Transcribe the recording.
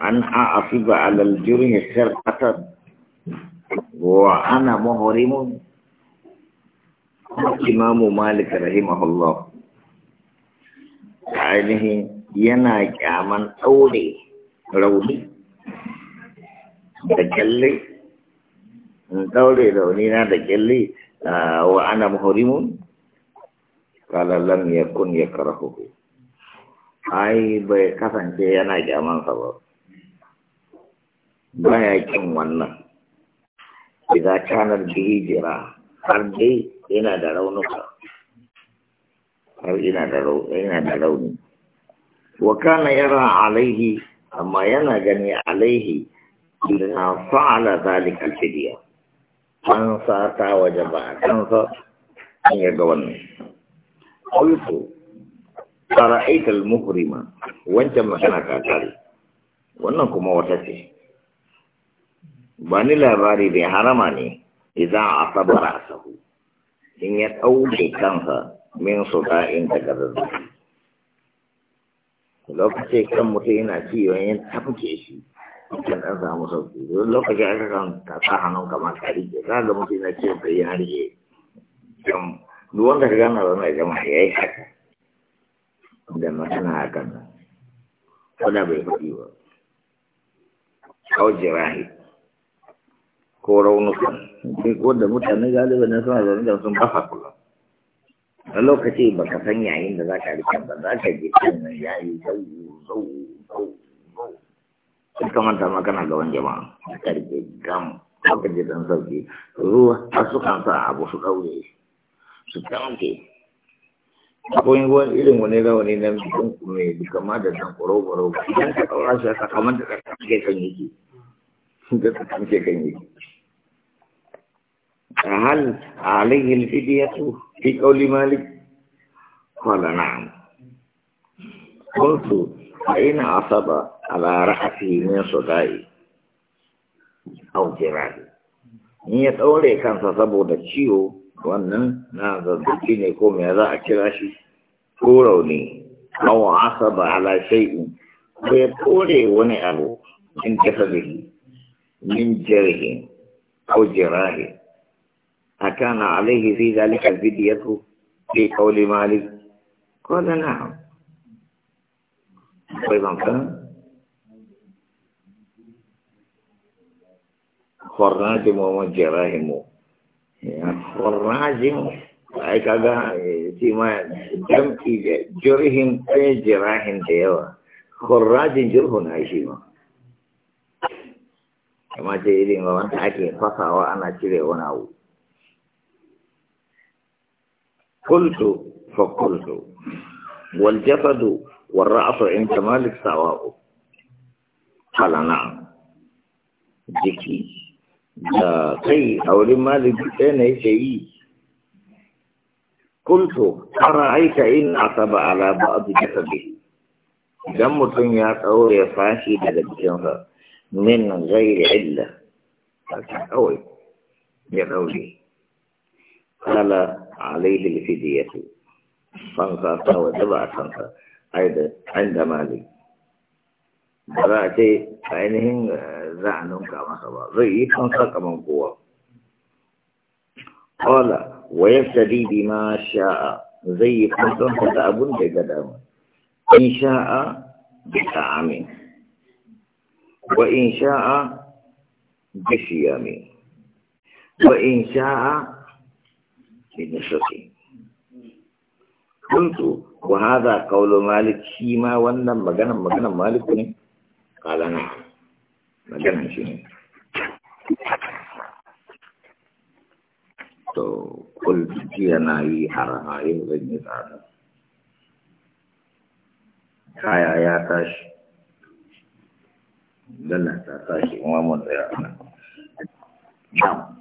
an a'afiba alal jurhi sirqatan wa ana muhrimun Imam Malik rahimahullah ainihin yana kyaman ɗaure rauni da kyalle in ɗaure rauni na da kyalle wa ana muhrimun kala lam yakun yakrahu ai bai kasance yana kyaman sa ba baya kin wannan idan kanar bihi jira har dai yana da raunuka har yana da yana da rauni wa kana yara alaihi amma yana gani alaihi idan fa'ala zalika al an sa ta waje ba kan sa an ga wannan qultu ara'aita al-muhrima wancan magana ta tare wannan kuma wata ce wani labari bai harama ne idan a sabara sahu in ya ɗauke kansa min su ɗa'in daga zazzabi lokaci kan mutum yana ciwon yin tafke shi kan ɗan samu sauki don lokaci aka kan tasa hannun kama ka rike za ga mutum yana ciwon kai yana rike can duwan da gana zama ya ya yi haka da masana hakan nan ko bai faɗi ba kawai jirahi ko raunuka, wanda mutane galibin suna zaune da sun kafa kula a lokaci ba ka san yayin da za ka rike ba za ka je kan nan yayi zau zau zau zau sai ka manta ma kana gaban jama'a a rike gam haka je dan sauki ruwa a su kan sa abu su daure su tanke akwai wani irin wani rawani na mutum duka ma da dan koro-koro idan ka ɗaura shi ka kamar da ka ke kan yake da ka ke kan yake هل عليه الفدية في قول مالك قال نعم قلت فإن عصب على رأسه من صدائي أو Ni ya أولي kansa saboda ciwo wannan na zazzabi ne ko me za a kira shi ko rauni aw asaba ala shay'in ko ya kore wani abu in kasabihi min jarhi aw jirahi أكان عليه في ذلك الفدية في قول مالك قال نعم أيضا كان خرناجم ومجراهم خرناجم ai kaga shi ma jam'i da jirhin ɗaya jirahin da yawa kurrajin jirhu na shi ma kamar irin wanda ake fasawa ana cire wani abu قلت فقلت والجسد والرأس عند مالك سواء قال نعم jiki da kai a wurin maliki ɗaya na yake yi kulto ara aika in asaba ala ba'adu jasabi idan mutum ya tsaure fashi daga jikinsa min ghairi illa kawai ya daure kala عليه الفدية فانسا وجب أسانسا أيضا عند مالك ba ce ainihin za a nunka masa ba zai yi kansa kaman kowa kola wayar sadidi ma sha'a zai yi kansa da abun da ga dama in sha'a bi amin. wa in sha'a bi shiyamin wa in sha'a inusoki. Kuntu, wa haza kaulo malik shi wannan maganan maganan malik ne? Kalana, maganan shi ne. To, kulti yana yi harahayin zai yi tsada. Kaya ya tashi. Dana tashi, wa mun tsaya